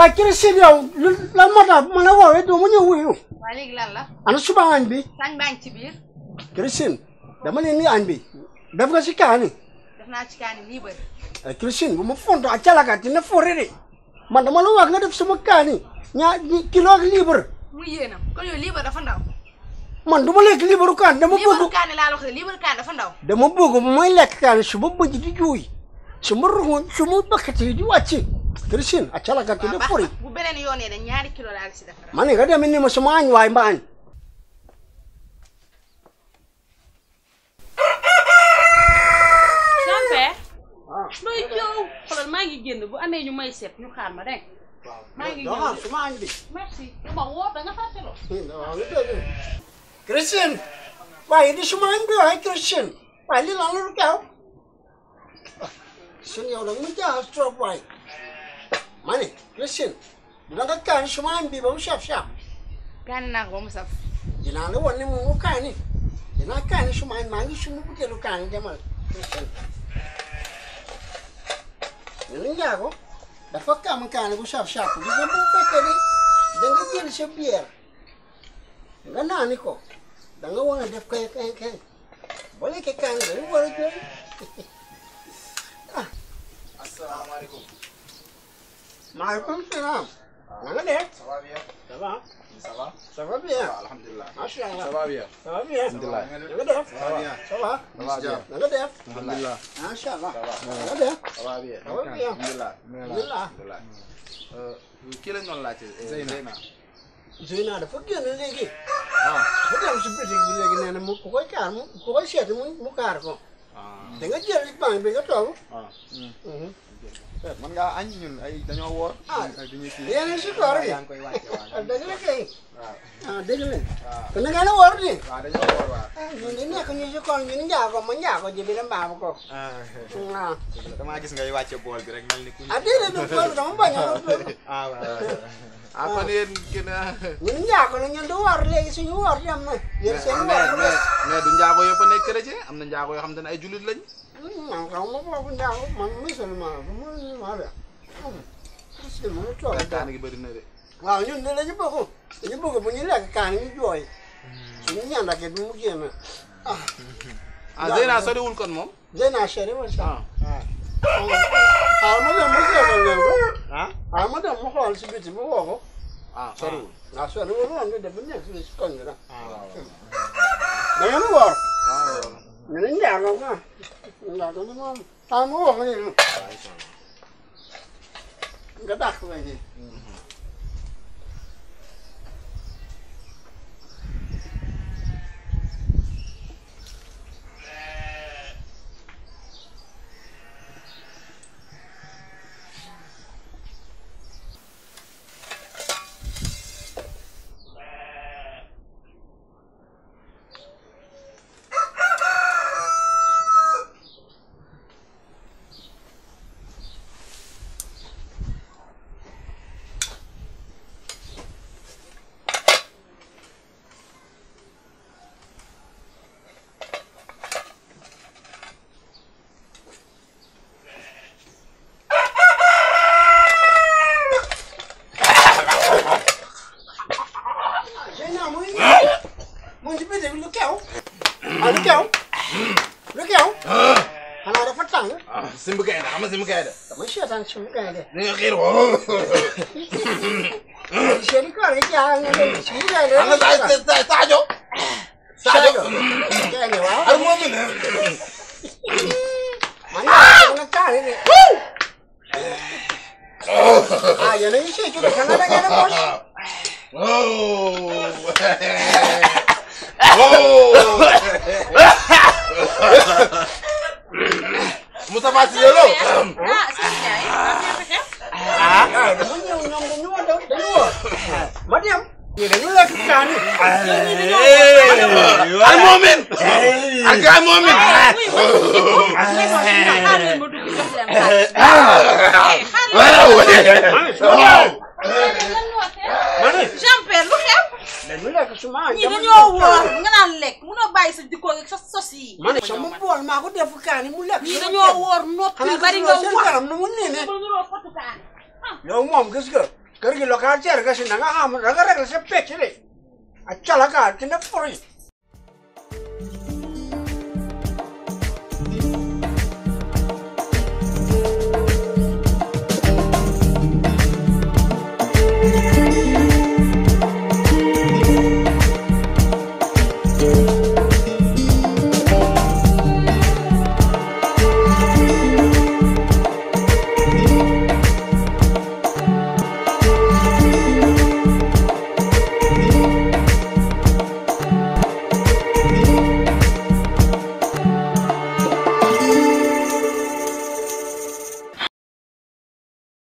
waaye Christine yow lan ma la woowee doo ma ñëw wuyu. waaye léegi lan la. ana suba añ bi. añ baa ngi ci biir. Christine dama leen ni añ bi def nga ci kaani. def naa ci kaani nii bëri. ay eh, Christine bu ma fonto ak calakaat dina fooree man dama la wax nga def sama kaani ñaar kilo ak libre. mu yéenam kon ka libre dafa ndaw. man du ma lekk libre kaani dama bëgg. libre kaani laa la wax de libre kaani ndaw. dama bëgg mooy lekk kaani su ma bëj di juuy su ma ruxu su ma bakkati di wàcc. Christine a calakatide pori bu beneen yoon de ñaari kilo laa si defar ma ne nga dem indi ma sama añ waay mbaañ Jean-Pierre ah. jow xoolal maa ngi génn bu amee ñu may seet ñu xaar ma rek maa ngi hm, Christine waaye di sama bi waaye Christine waaye li laa loolu kaw Christine yow da nga ma jaaxal trop ma ne Christine du da kaani sumaan bi ba mu saf-saf kaani naa ko ba mu saf dinaa la wan ne mu ngi kaani dinaa kaani sumaan maa ngi sumb buteelu kaani demal Christine Lulu Njaago dafa kaam kaani bu saf-saf bi ba mu fekkee ni da nga jël sa nga naani ko da nga war a kaani dañu war a jël ah asalaamaaleykum maaleykum salaam. waaw na nga def. ça va bien. ça va. ça va. ça va bien. alhamdulilah. macha allah ça va bien. ça va bien. alhamdulilah na nga def. ça va bien. ça va. ça va bien. na nga def. alhamdulilah. macha allah. na nga def. ça va bien. ça va bien. alhamdulilah. alhamdulilah. Euh, kii lañ doon laajte. Euh, Zeyna Zeyna. Zeyna dafa génn léegi. waaw ah. dafa dem si bitik bi léegi nee na mu ku koy kaar mu ku koy seeti mu kaar ko. Ah. da nga jël banque bi nga toog. Eh, man ngaa añ ñun ay dañoo woor. ah yéen a ngi si koor gi dañoo koy wàcce waaw ah dégg ngeen. waaw kon nag yéen a wóor de. waaw dañoo wóor waaw. ñun de nekk ñu si koor ñun njaago ma njaago ji bi la mbaamu ko. waaw. damaa gis ngay wàcce bool bi rek mel ni. ah déedéet du bool dama bañ a wóor. ah waaw ah kon yéen gën a. ñun njaago la ñun du woor léegi suñu woor dem na. yéen seen woor mais mais du njaago yëpp a nekk chrétien am na njaago yoo xam ne ay jullit lañ. man kaw ma boobu njaago man musulman musulman la. musulman toog. daanaka bëri na de. waaw ñun de dañu bëgg dañu bëgg bu ñu lekk kaan ñu jooy hmm. ñu ñaan ak bi mu génn ah. ah Zeyna soriwul kon moom. Zeyna soriwul sax waaw. ah ma dem ma seetal leen ko. ah, ah si biti ma woo ko. ah soriwul ah soriwul ñu def la. Ah, ah, ñu ne njaago ma woo ko nii nga dàq ma ji. ma si mu gaynde damay seetaan si mu gaynde di nga xiir woo seeni koor gi jaa nga leen si mu gaynde am na Sadio Sadio gaynde waaw ar moom ne man naa na kaani de ah yéen a ngi see jóge kana da ngeen a mos oh oh Moustapha Cissé Lo. ah sëñ Ndiaye. ah dama ñëw ñoom dañu woon franchement. ñii dañoo woor nga naan lekk munoo bàyyi sa dikkoo ak sa sos yi. ma ne bool maa ko def kaani mu lekk. ñii dañoo woor noppi bari nga woor xanaa nu mu nee yow moom gis nga kër gi locataire nga si na nga xam da nga réglé sa pecc de ak calakaar ki nekk foro thank you